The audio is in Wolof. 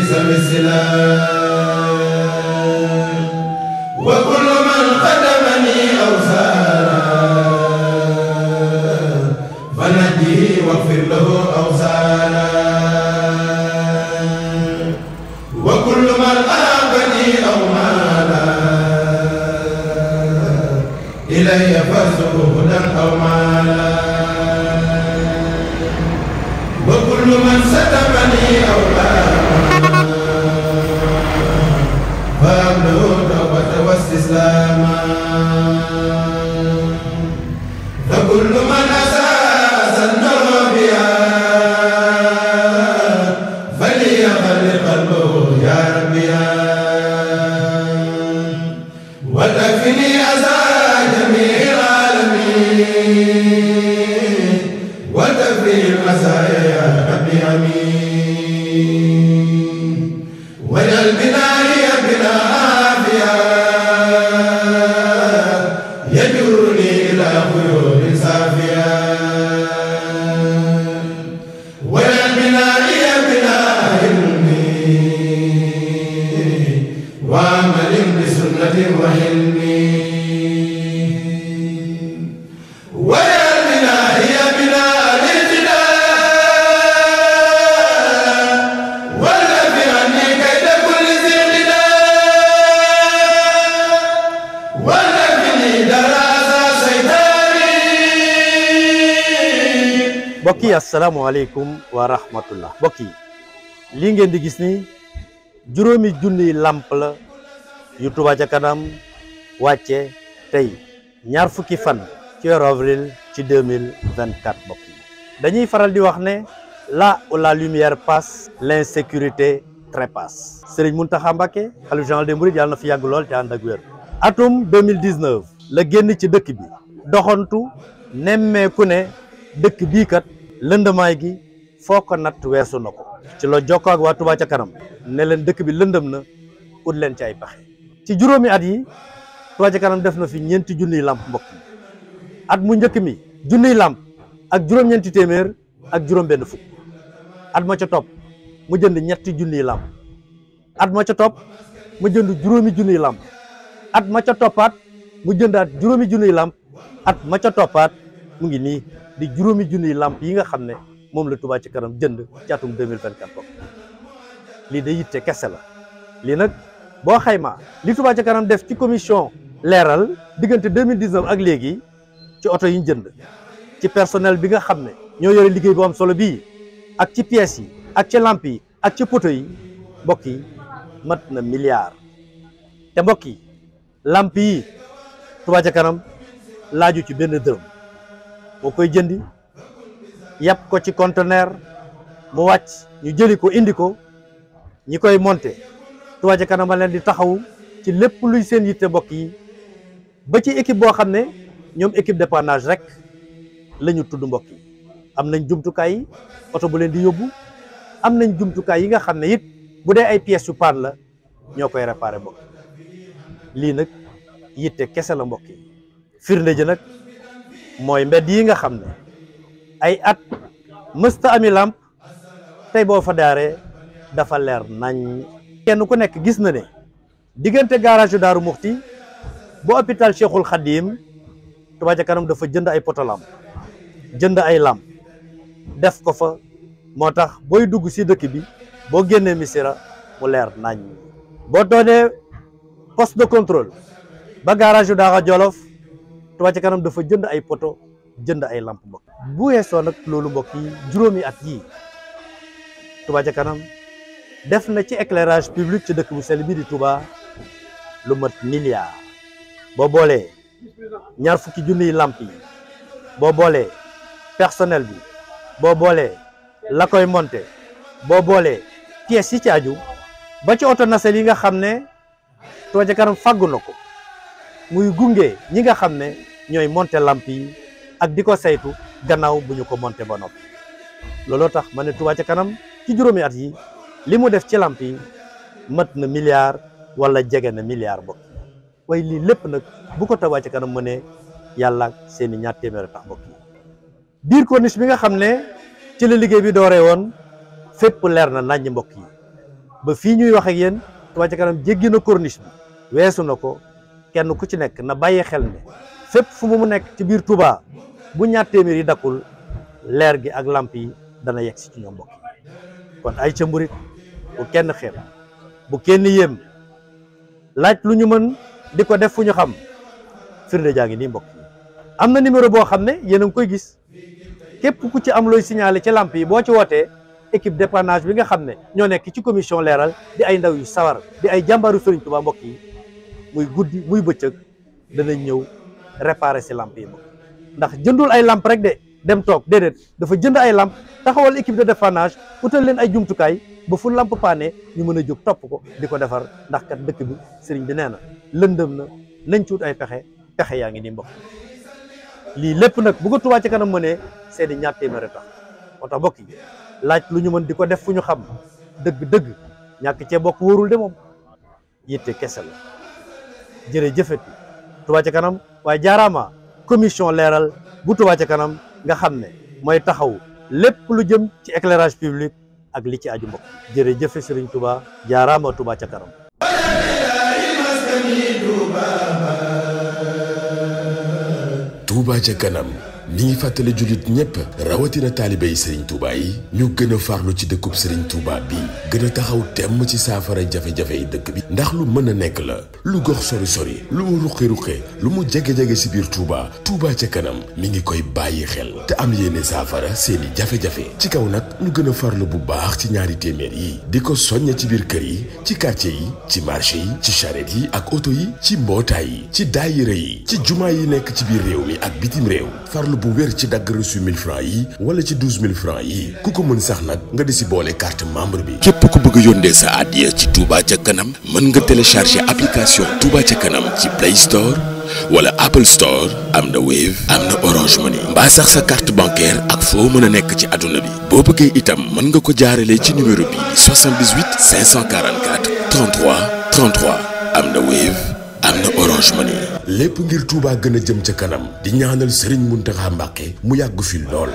ليس مثله وكل من خدمني أو سارا فنجيه واغفر له أو سارا وكل من أعابني أو مالا إلي فزر mbokk yi asalaamaaleykum wa rahmatullah mbokk yi lii ngeen di gis ni juróomi junniy làmp la yu Touba ca kanam wàcce tey ñaar fukki fan ci weeru avril ci 2024 mbokk yi dañuy faral di wax ne là où la lumière passe l'insécurité trépasse Serigne Mountakha Mbacké xalifa général des mourides yàlla na fi yàgg lool te ànd ak wér atum 2019 la génn ci dëkk bi doxantu nemmeeku ne dëkk bii kat lëndamaay gi foo ko natt weesu na ko ci la jokkoo ak waa Touba ca kanam ne leen dëkk bi lëndëm na ut leen ci ay pexe ci juróomi at yi Touba Ca def na fi ñeenti junniy làmp mbokk at mu njëkk mi junniy làmp ak juróom-ñeenti téeméer ak juróom-benn fukk at ma ca topp mu jënd ñetti junniy làmp at ma ca topp mu jënd juróomi junniy làmp at ma ca toppaat mu jëndaat juróomi junniy làmp at ma ca toppaat mu ngi nii di juróomi junniy làmp yi nga xam ne moom la Touba Ca Kanam jënd ci atum 2024 bokk lii day yitte kese la boo xayma li Touba ca kanam def ci commission leeral diggante 2019 ak léegi ci oto yi ñu jënd ci personnel bi nga xam ne ñoo yore liggéey bu am solo bii ak ci pièces yi ak ci lamp yi ak ci poto yi mbokk yi mat na milliard te mbokk yi lamp yi Touba ca kanam laaju ci benn dërëm moo koy jëndi yàpp ko ci conteneur mu wàcc ñu jëli ko indi ko ñi koy monter Touba ca kanam leen di taxaw ci lépp luy seen yitte mbokk yi ba ci équipe boo xam ne ñoom équipe dépannage rek la ñu tudd mbokk yi am nañ jumtukaay yi oto bu leen di yóbbu am nañ jumtukaay yi nga xam ne it bu dee ay pièces yu paan la ñoo koy réparé mbokk lii nag yitte kese la mbokk yi firnde ji nag mooy mbedd yi nga xam ne ay at mësta ami làmp tey boo fa daaree dafa leer nañ kenn ku nekk gis na ne diggante garage Daaru Muxti ba hôpital Cheikhul Khadim Touba kanam dafa jënd ay poto lamp jënd ay lamp def ko fa moo tax booy dugg si dëkk bi boo génnee misira mu leer naañ boo doonee poste de contrôle ba garage Daara Jolof Touba ca kanam dafa jënd ay poto jënd ay lamp mbokk bu weesoo nag loolu mbokk juróomi at yii Touba kanam def na ci éclairage public ci dëkk bu sell bi di Touba lu mat milliard boo boolee ñaar fukki junniy làmp yi boo boolee personnel bi boo boolee la koy monté boo boolee pièces yi ci aju ba ci oto nasel yi nga xam ne Touba ca kanam fàggu na ko muy gunge ñi nga xam ne ñooy monté làmp yi ak di ko saytu gannaaw bu ñu ko monté ba noppi looloo tax ma ne Touba ca kanam ci juróomi at yi li mu def ci làmp yi mat na milliar wala jege na milliard bokk waaye lii lépp nag bu ko Touba Ca Kanam mënee yàlla seeni ñaar téeméeri tax yi biir corniche bi nga xam ne ci la liggéey bi dooree woon fépp leer na naññ mbokk yi ba fii ñuy wax ak yéen Touba Ca Kanam jéggi na corniche bi weesu na ko kenn ku ci nekk na bàyyi xel ne fépp fu mu nekk ci biir Touba bu ñaar téeméer yi dakkul leer gi ak làmp yi dana yegg si ci ñoom mbokk yi kon ay ca bu kenn xeeb bu kenn yéem laaj lu ñu mën di ko def fu ñu xam firnde jaa ngi nii mbokk am na numéro boo xam ne yéen a ngi koy gis képp ku ci am looy signaler ci làmp yi boo ci wootee équipe dépannage bi nga xam ne ñoo nekk ci commission leeral di ay ndaw yu sawar di ay jàmbaaru Sëriñ Tuubaa mbokk yi muy guddi muy bëccëg danañ ñëw réparer si lamp yi mbokk ndax jëndul ay lamp rek de dem toog déedéet dafa jënd ay lamp taxawal équipe de dépannage utal leen ay jumtukaay ba fu lamp paane ñu mën a jóg topp ko di ko defar ndax kat dëkk bi sëriñ bi nee na lëndëm na nañ cuut ay pexe pexe yaa ngi nii mbokk lii lépp nag bu ko Kanam mënee seeni ñaar téeméeri tax moo tax mbokk yi laaj lu ñu mën di ko def fu ñu xam dëgg-dëgg ñàkk cee bokk wóorul de moom yitte kese la jërëjëfati Touba Ca Kanam waaye jaaraama commission leeral bu Touba Kanam nga xam ne mooy taxaw lépp lu jëm ci éclairage public ak li ci aju mbokk jërëjëf Sëriñ Tuubaa jaaraama Tuubaa ca kanam Tuubaa ca kanam mi ngi fàttali jullit ñépp rawatina taalibe yi Serigne Touba yi ñu gën a farlu ci dëkkub Serigne Touba bi gën a taxaw temm ci saafara jafe-jafe yi dëkk bi ndax lu mën a nekk la lu gox sori-sori lu mu ruqi-ruqi lu mu jege-jege si biir Touba Touba ca kanam mi ngi koy bàyyi xel te am yéene saafara seeni jafe-jafe ci kaw nag ñu gën a farlu bu baax ci ñaari téeméer yi di ko soñña ci biir kër yi ci quartier yi ci marché yi ci charrette yi ak oto yi ci mbootaay yi ci daayira yi ci jumaa yi nekk ci biir réew mi ak bitim réew bu wér ci dagg reçu 1000 francs yi wala ci 12000 francs yi ku ko mën sax nag nga di si boole carte membre bi. képp ku bëgg yónnee sa addiya ci Touba ca kanam mën nga télécharger application Touba ca kanam ci Play Store wala Apple Store am na Wave am na Orange Money mbaa sax sa carte bancaire ak foo mën a nekk ci àdduna bi boo bëggee itam mën nga ko jaaralee ci numéro bi 78 544 33 33 am na Wave. am na orange money lépp ngir Touba gën a jëm ca kanam di ñaanal Serigne Mountakha Mbacké mu yàgg fi lool